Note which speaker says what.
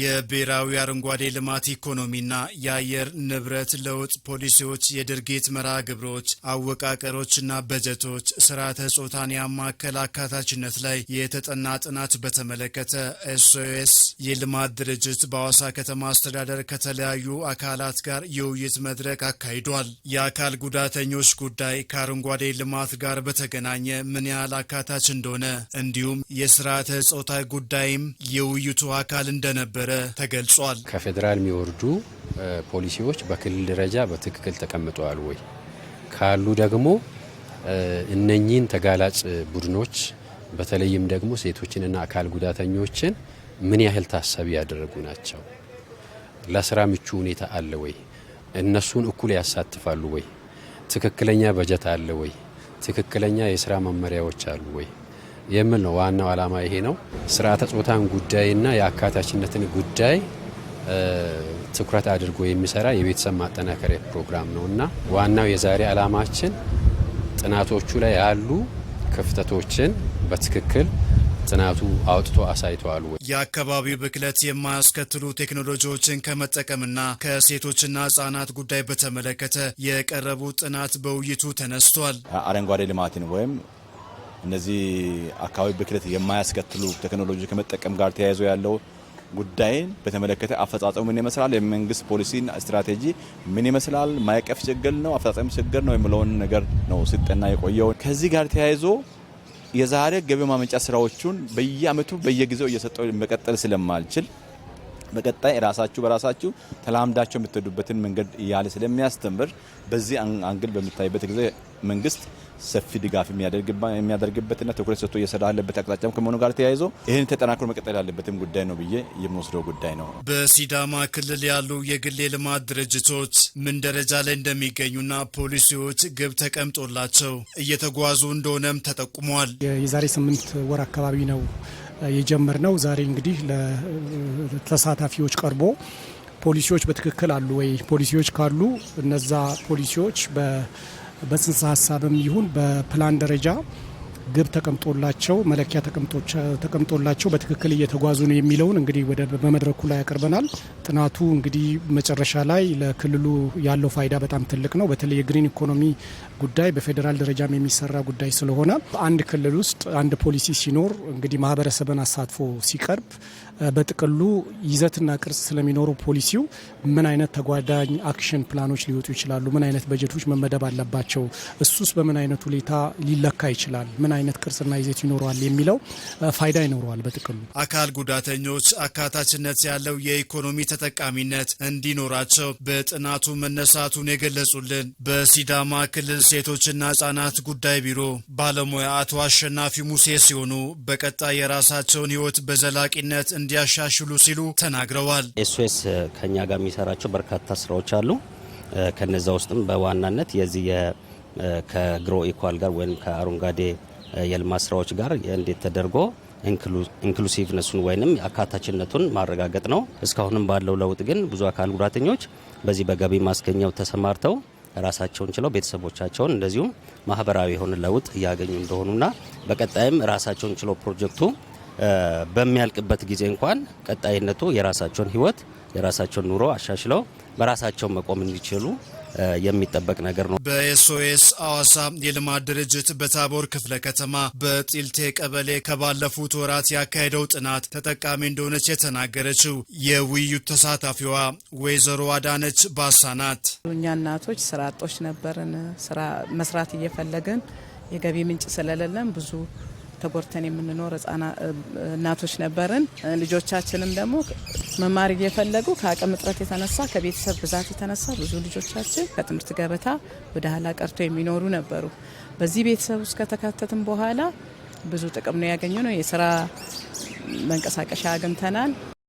Speaker 1: የብሔራዊ አረንጓዴ ልማት ኢኮኖሚና የአየር ንብረት ለውጥ ፖሊሲዎች፣ የድርጊት መርሃ ግብሮች፣ አወቃቀሮችና በጀቶች ስርዓተ ጾታን ያማከል አካታችነት ላይ የተጠና ጥናት በተመለከተ ኤስኦኤስ የልማት ድርጅት በአዋሳ ከተማ አስተዳደር ከተለያዩ አካላት ጋር የውይይት መድረክ አካሂዷል። የአካል ጉዳተኞች ጉዳይ ከአረንጓዴ ልማት ጋር በተገናኘ ምን ያህል አካታች እንደሆነ እንዲሁም የስርዓተ ጾታ ጉዳይም የውይይቱ አካል እንደነበር እንደነበረ ተገልጿል።
Speaker 2: ከፌዴራል የሚወርዱ ፖሊሲዎች በክልል ደረጃ በትክክል ተቀምጠዋል ወይ? ካሉ ደግሞ እነኚህን ተጋላጭ ቡድኖች በተለይም ደግሞ ሴቶችንና አካል ጉዳተኞችን ምን ያህል ታሳቢ ያደረጉ ናቸው? ለስራ ምቹ ሁኔታ አለ ወይ? እነሱን እኩል ያሳትፋሉ ወይ? ትክክለኛ በጀት አለ ወይ? ትክክለኛ የስራ መመሪያዎች አሉ ወይ? የሚል ነው። ዋናው ዓላማ ይሄ ነው። ስርዓተ ጾታን ጉዳይና የአካታችነትን ጉዳይ ትኩረት አድርጎ የሚሰራ የቤተሰብ ማጠናከሪያ ፕሮግራም ነው እና ዋናው የዛሬ ዓላማችን ጥናቶቹ ላይ ያሉ ክፍተቶችን በትክክል ጥናቱ አውጥቶ አሳይተዋል ወይ?
Speaker 1: የአካባቢው ብክለት የማያስከትሉ ቴክኖሎጂዎችን ከመጠቀምና ከሴቶችና ህጻናት ጉዳይ በተመለከተ የቀረቡ ጥናት በውይይቱ ተነስቷል።
Speaker 3: አረንጓዴ ልማትን ወይም እነዚህ አካባቢ ብክለት የማያስከትሉ ቴክኖሎጂ ከመጠቀም ጋር ተያይዞ ያለው ጉዳይን በተመለከተ አፈጻጸሙ ምን ይመስላል፣ የመንግስት ፖሊሲና ስትራቴጂ ምን ይመስላል፣ ማዕቀፍ ችግር ነው አፈጻጸሙ ችግር ነው የሚለውን ነገር ነው ሲጠና የቆየው። ከዚህ ጋር ተያይዞ የዛሬ ገቢ ማመንጫ ስራዎቹን በየአመቱ በየጊዜው እየሰጠው መቀጠል ስለማልችል በቀጣይ ራሳችሁ በራሳችሁ ተላምዳቸው የምትሄዱበትን መንገድ እያለ ስለሚያስተምር በዚህ አንግል በሚታይበት ጊዜ መንግስት ሰፊ ድጋፍ የሚያደርግበትና ትኩረት ሰጥቶ እየሰራ ያለበት አቅጣጫም ከመሆኑ ጋር ተያይዞ ይህን ተጠናክሮ መቀጠል ያለበትም ጉዳይ ነው ብዬ የምወስደው ጉዳይ ነው።
Speaker 1: በሲዳማ ክልል ያሉ የግል ልማት ድርጅቶች ምን ደረጃ ላይ እንደሚገኙና ፖሊሲዎች ግብ ተቀምጦላቸው እየተጓዙ እንደሆነም ተጠቁሟል።
Speaker 4: የዛሬ ስምንት ወር አካባቢ ነው የጀመር ነው። ዛሬ እንግዲህ ለተሳታፊዎች ቀርቦ ፖሊሲዎች በትክክል አሉ ወይ? ፖሊሲዎች ካሉ እነዛ ፖሊሲዎች በጽንሰ ሀሳብም ይሁን በፕላን ደረጃ ግብ ተቀምጦላቸው መለኪያ ተቀምጦላቸው በትክክል እየተጓዙ ነው የሚለውን እንግዲህ ወደ በመድረኩ ላይ ያቀርበናል። ጥናቱ እንግዲህ መጨረሻ ላይ ለክልሉ ያለው ፋይዳ በጣም ትልቅ ነው። በተለይ የግሪን ኢኮኖሚ ጉዳይ በፌዴራል ደረጃም የሚሰራ ጉዳይ ስለሆነ በአንድ ክልል ውስጥ አንድ ፖሊሲ ሲኖር እንግዲህ ማህበረሰብን አሳትፎ ሲቀርብ በጥቅሉ ይዘትና ቅርጽ ስለሚኖረው ፖሊሲው ምን አይነት ተጓዳኝ አክሽን ፕላኖች ሊወጡ ይችላሉ፣ ምን አይነት በጀቶች መመደብ አለባቸው፣ እሱስ በምን አይነት ሁኔታ ሊለካ ይችላል፣ ምን አይነት ቅርጽና ይዘት ይኖረዋል የሚለው ፋይዳ ይኖረዋል። በጥቅሉ
Speaker 1: አካል ጉዳተኞች አካታችነት ያለው የኢኮኖሚ ተጠቃሚነት እንዲኖራቸው በጥናቱ መነሳቱን የገለጹልን በሲዳማ ክልል ሴቶችና ህጻናት ጉዳይ ቢሮ ባለሙያ አቶ አሸናፊ ሙሴ ሲሆኑ በቀጣይ የራሳቸውን ህይወት በዘላቂነት እንዲያሻሽሉ ሲሉ ተናግረዋል።
Speaker 2: ኤስኦኤስ ከኛ ጋር የሚሰራቸው በርካታ ስራዎች አሉ። ከነዛ ውስጥም በዋናነት የዚህ ከግሮ ኢኳል ጋር ወይም ከአረንጓዴ የልማት ስራዎች ጋር እንዴት ተደርጎ ኢንክሉሲቭነሱን ወይም አካታችነቱን ማረጋገጥ ነው። እስካሁንም ባለው ለውጥ ግን ብዙ አካል ጉዳተኞች በዚህ በገቢ ማስገኘው ተሰማርተው ራሳቸውን ችለው ቤተሰቦቻቸውን እንደዚሁም ማህበራዊ የሆነ ለውጥ እያገኙ እንደሆኑና በቀጣይም ራሳቸውን ችለው ፕሮጀክቱ በሚያልቅበት ጊዜ እንኳን ቀጣይነቱ የራሳቸውን ህይወት የራሳቸውን ኑሮ አሻሽለው በራሳቸው መቆም እንዲችሉ የሚጠበቅ ነገር ነው።
Speaker 1: በኤስኦኤስ አዋሳ የልማት ድርጅት በታቦር ክፍለ ከተማ በጢልቴ ቀበሌ ከባለፉት ወራት ያካሄደው ጥናት ተጠቃሚ እንደሆነች የተናገረችው የውይይቱ ተሳታፊዋ ወይዘሮ አዳነች ባሳ ናት።
Speaker 5: እኛ እናቶች ስራ አጦች ነበርን። ስራ መስራት እየፈለግን የገቢ ምንጭ ስለሌለን ብዙ ተጎድተን የምንኖር እናቶች ነበርን። ልጆቻችንም ደግሞ መማር እየፈለጉ ከአቅም እጥረት የተነሳ ከቤተሰብ ብዛት የተነሳ ብዙ ልጆቻችን ከትምህርት ገበታ ወደ ኋላ ቀርቶ የሚኖሩ ነበሩ። በዚህ ቤተሰብ ውስጥ ከተካተትም በኋላ ብዙ ጥቅም ነው ያገኘ ነው። የስራ መንቀሳቀሻ አግኝተናል።